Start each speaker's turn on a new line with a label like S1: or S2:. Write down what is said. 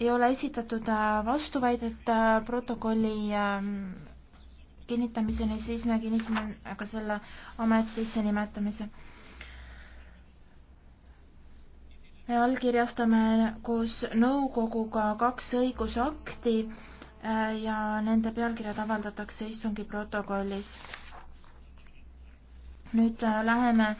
S1: ei ole esitatud äh, vastuväidet äh, protokolli ähm, kinnitamiseni, siis me kinnitame ka selle ametisse nimetamise. me allkirjastame koos nõukoguga kaks õigusakti äh, ja nende pealkirjad avaldatakse istungi protokollis. nüüd läheme